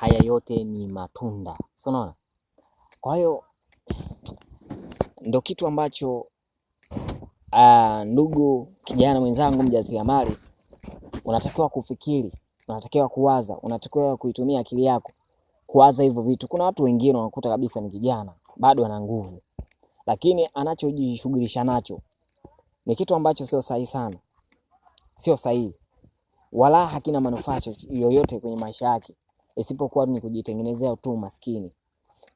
haya yote ni matunda, si unaona? Kwa hiyo ndo kitu ambacho uh, ndugu kijana mwenzangu mjasiriamali, unatakiwa kufikiri, unatakiwa kuwaza, unatakiwa kuitumia akili yako kuwaza hivyo vitu. Kuna watu wengine wanakuta kabisa ni kijana bado ana nguvu, lakini anachojishughulisha nacho ni kitu ambacho sio sahihi sana, sio sahihi wala hakina manufaa yoyote kwenye maisha yake isipokuwa ni kujitengenezea tu maskini,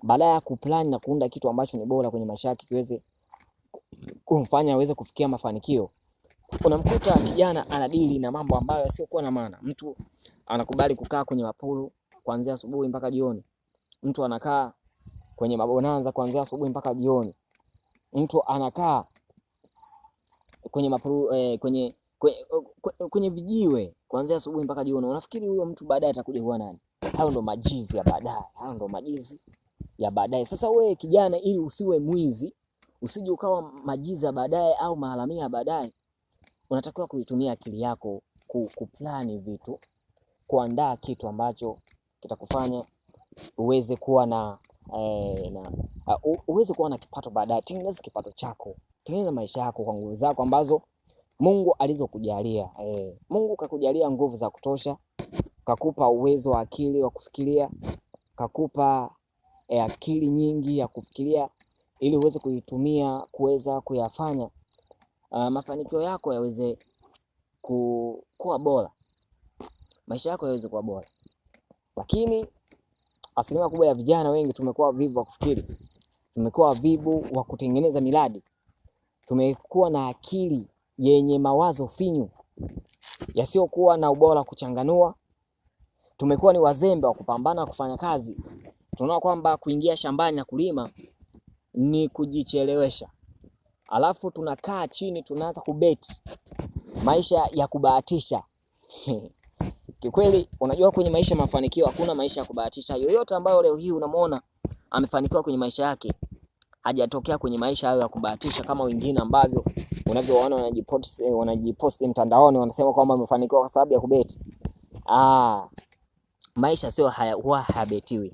badala ya kuplan na kuunda kitu ambacho ni bora kwenye maisha yake kiweze kumfanya aweze kufikia mafanikio. Unamkuta kijana anadili na mambo ambayo yasiokuwa na maana. Mtu anakubali kukaa kwenye mapuru kuanzia asubuhi mpaka jioni, mtu anakaa kwenye mabonanza kuanzia asubuhi mpaka jioni, mtu anakaa kwenye mapuru, eh, kwenye, kwenye, kwenye vijiwe kuanzia asubuhi mpaka jioni. Unafikiri huyo mtu baadaye atakuja kuwa nani? hayo ndo majizi ya baadaye, hayo ndo majizi ya baadaye. Sasa wewe kijana, ili usiwe mwizi, usije ukawa majizi ya baadaye au maharamia ya baadaye, unatakiwa kuitumia akili yako kuplani vitu, kuandaa kitu ambacho kitakufanya uweze kuwa na, eh, na uh, uweze kuwa na kipato baadaye. Tengeneza kipato chako, tengeneza maisha yako kwa nguvu zako ambazo Mungu alizokujalia. Eh, Mungu kakujalia nguvu za kutosha kakupa uwezo wa akili wa kufikiria, kakupa e, akili nyingi ya kufikiria ili uweze kuitumia kuweza kuyafanya uh, mafanikio yako yaweze ku, kuwa bora, maisha yako yaweze kuwa bora. Lakini asilimia kubwa ya vijana wengi tumekuwa vivu wa kufikiri, tumekuwa vivu wa kutengeneza miradi, tumekuwa na akili yenye mawazo finyu yasiyokuwa na ubora wa kuchanganua tumekuwa ni wazembe wa kupambana kufanya kazi. Tunaona kwamba kuingia shambani na kulima ni kujichelewesha, alafu tunakaa chini tunaanza kubeti maisha ya kubahatisha. Kikweli, unajua kwenye maisha mafanikio hakuna maisha ya kubahatisha. Yoyote ambayo leo hii unamwona amefanikiwa kwenye maisha yake hajatokea kwenye maisha hayo ya kubahatisha kama wengine ambavyo unavyoona wanajiposti eh, wanajiposti mtandaoni wanasema kwamba amefanikiwa kwa sababu ya kubeti. Ah maisha sio haya, huwa hayabetiwi.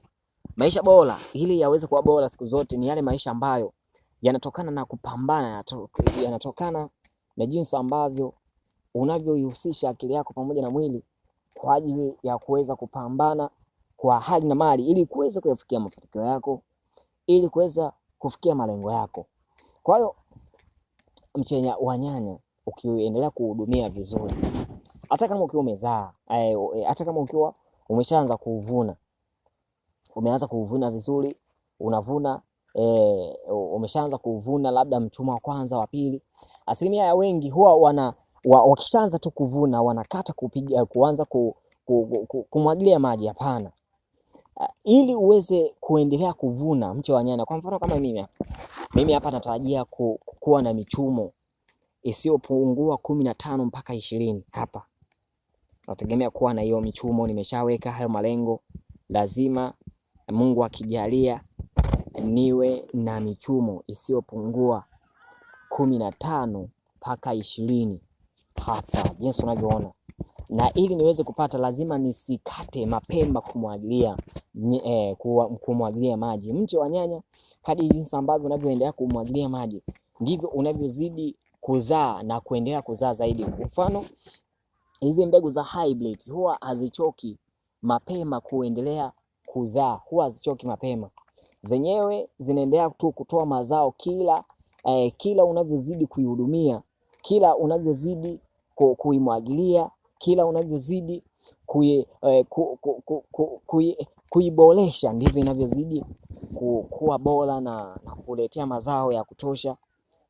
Maisha bora ili yaweze kuwa bora siku zote ni yale maisha ambayo yanatokana na kupambana, yanatokana na jinsi ambavyo unavyoihusisha akili yako pamoja na mwili kwa ajili ya kuweza kupambana kwa hali na mali ili kuweza kuyafikia mafanikio yako, ili kuweza kufikia malengo yako. Kwa hiyo mchenya wa nyanya ukiendelea kuhudumia vizuri, hata kama ukiwa umezaa, eh, hata kama ukiwa umeshaanza kuvuna, umeanza kuvuna vizuri, unavuna e, umeshaanza kuvuna labda mchuma wa kwanza wa pili. Asilimia ya wengi huwa wana wa, wakishaanza tu kuvuna wanakata kupiga, kuanza ku, ku, ku, ku, kumwagilia maji. Hapana, Uh, ili uweze kuendelea kuvuna mche wa nyanya, kwa mfano kama mimi mimi hapa natarajia ku, kuwa na michumo isiyopungua kumi na tano mpaka ishirini hapa nategemea kuwa na hiyo michumo, nimeshaweka hayo malengo. Lazima Mungu akijalia niwe na michumo isiyopungua kumi na tano mpaka ishirini hapa jinsi unavyoona, na ili niweze kupata lazima nisikate mapema kumwagilia eh, kumwagilia maji mche wa nyanya. Kadi jinsi ambavyo unavyoendelea kumwagilia maji ndivyo unavyozidi kuzaa na kuendelea kuzaa zaidi. Kwa mfano hizi mbegu za hybrid huwa hazichoki mapema kuendelea kuzaa, huwa hazichoki mapema, zenyewe zinaendelea tu kutoa mazao kila eh, kila unavyozidi kuihudumia, kila unavyozidi kuimwagilia, kila unavyozidi kuiboresha eh, ku, ku, ku, ku, ndivyo inavyozidi ku, kuwa bora na, na kuletea mazao ya kutosha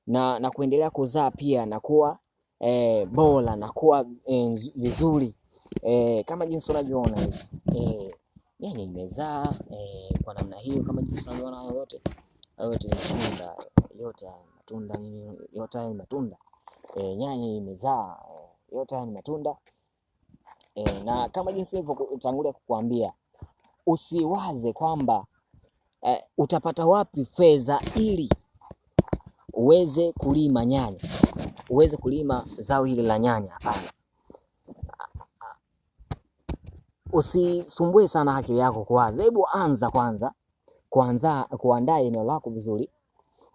na, na kuendelea kuzaa pia na kuwa e, bora na kuwa e, vizuri e, kama jinsi unavyoona hivi e, yani nimezaa e, kwa namna hiyo kama jinsi unavyoona hayo yote hayo yote matunda yote matunda yote hayo matunda e, nyanya imezaa yote hayo ni matunda e, na kama jinsi nilivyotangulia kukuambia usiwaze kwamba e, utapata wapi fedha ili uweze kulima nyanya uweze kulima zao hili la nyanya. Hapana, usisumbue sana akili yako kuwaza. Hebu anza kwanza kuanza kuandaa eneo lako vizuri.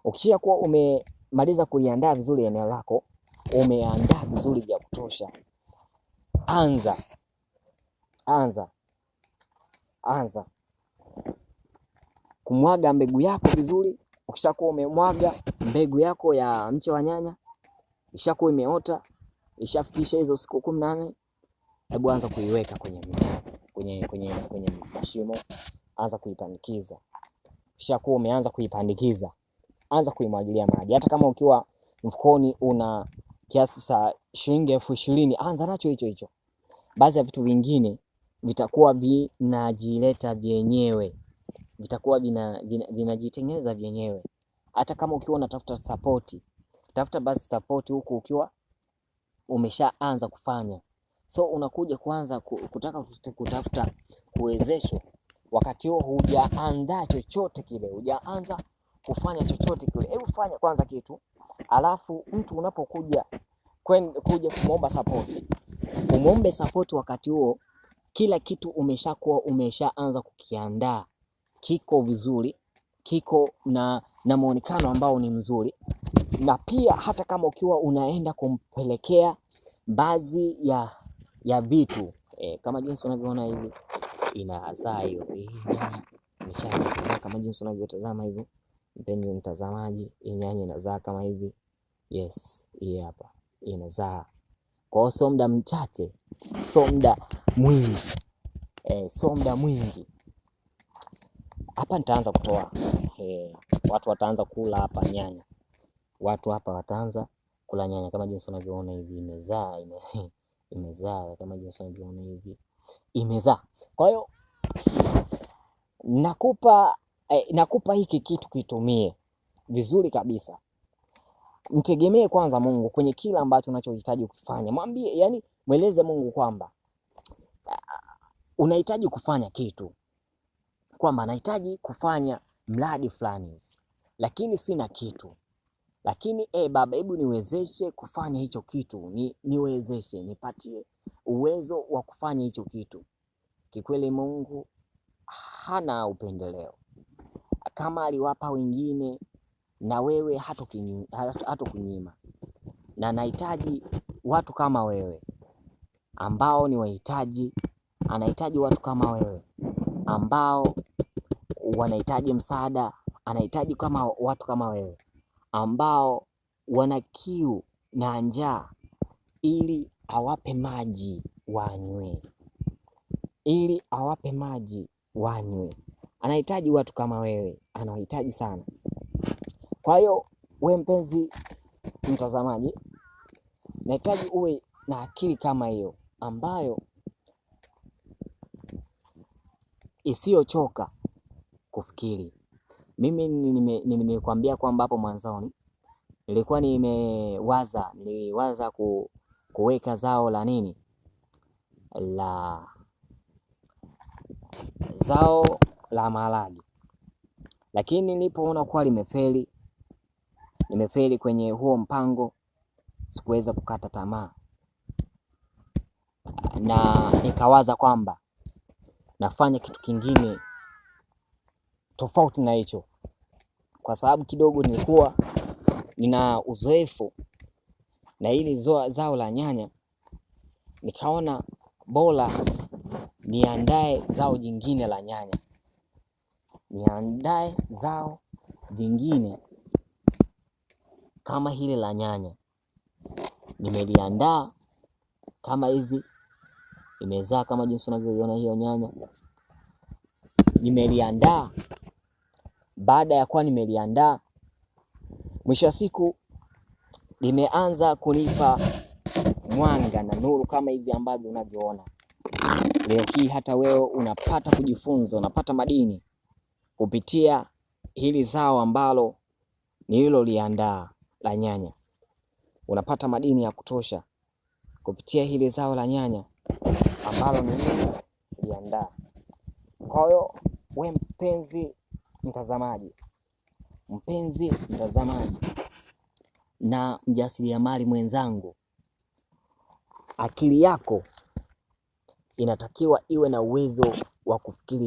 Ukisha kuwa umemaliza kuliandaa vizuri eneo lako, umeandaa vizuri vya kutosha, anza anza anza kumwaga mbegu yako vizuri. Ukishakuwa umemwaga mbegu yako ya mche wa nyanya, Ishakuwa imeota, ishafikisha hizo siku kumi na nne hebu anza kuiweka kwenye mti, kwenye kwenye kwenye mashimo, anza kuipandikiza. Ishakuwa umeanza kuipandikiza, anza kuimwagilia maji, hata kama ukiwa mfukoni una kiasi cha shilingi elfu ishirini anza nacho hicho hicho. Baadhi ya vitu vingine vitakuwa vinajileta vyenyewe, vitakuwa vinajitengeneza vina, vina vyenyewe. Hata kama ukiwa unatafuta sapoti tafuta basi support huku ukiwa umeshaanza kufanya. So unakuja kuanza kutaka kutafuta kuwezeshwa, wakati huo hujaandaa chochote kile, hujaanza kufanya chochote kile. Hebu fanya kwanza kitu, alafu mtu unapokuja kuja kumwomba support, umwombe support wakati huo kila kitu umeshakuwa umeshaanza kukiandaa, kiko vizuri, kiko na, na muonekano ambao ni mzuri na pia hata kama ukiwa unaenda kumpelekea baadhi ya, ya vitu e, kama jinsi unavyoona hivi inazaa hiyo eh, imeshazaa kama jinsi unavyotazama hivi, mpenzi mtazamaji, hii nyanya inazaa kama hivi. Yes, hii hapa inazaa kwa, so muda mchache, so muda mwingi e, eh, so muda mwingi hapa nitaanza kutoa e, watu wataanza kula hapa nyanya watu hapa wataanza kula nyanya kama jinsi unavyoona hivi imezaa ime, imezaa kama jinsi unavyoona hivi imezaa. Kwa hiyo nakupa eh, nakupa hiki kitu kitumie vizuri kabisa. Mtegemee kwanza Mungu kwenye kila ambacho unachohitaji kufanya. Mwambie, yani mweleze Mungu kwamba ah, unahitaji kufanya kitu, kwamba nahitaji kufanya mradi fulani, lakini sina kitu lakini e, Baba, hebu niwezeshe kufanya hicho kitu ni, niwezeshe nipatie uwezo wa kufanya hicho kitu. Kikweli Mungu hana upendeleo. Kama aliwapa wengine, na wewe hata kunyima, na nahitaji watu kama wewe ambao ni wahitaji, anahitaji watu kama wewe ambao wanahitaji msaada, anahitaji kama watu kama wewe ambao wana kiu na njaa, ili awape maji wanywe, ili awape maji wanywe. Anahitaji watu kama wewe, anawahitaji sana. Kwa hiyo we mpenzi mtazamaji, nahitaji uwe na akili kama hiyo ambayo isiyochoka kufikiri. Mimi nime, kwamba hapo mwanzoni nilikuwa nimewaza niliwaza ku, kuweka zao la nini la zao la maharage, lakini nilipoona kuwa limefeli nimefeli kwenye huo mpango, sikuweza kukata tamaa na nikawaza kwamba nafanya kitu kingine tofauti na hicho, kwa sababu kidogo nilikuwa nina uzoefu na hili zao la nyanya, nikaona bora niandae zao jingine la nyanya, niandae zao jingine kama hili la nyanya. Nimeliandaa kama hivi, imezaa kama jinsi unavyoiona hiyo nyanya, nimeliandaa baada ya kuwa nimeliandaa, mwisho wa siku limeanza kunipa mwanga na nuru kama hivi ambavyo unavyoona leo hii. Hata wewe unapata kujifunza, unapata madini kupitia hili zao ambalo nililoliandaa la nyanya. Unapata madini ya kutosha kupitia hili zao la nyanya ambalo nililoliandaa. Kwa hiyo we mpenzi mtazamaji, mpenzi mtazamaji na mjasiriamali mwenzangu, akili yako inatakiwa iwe na uwezo wa kufikiri.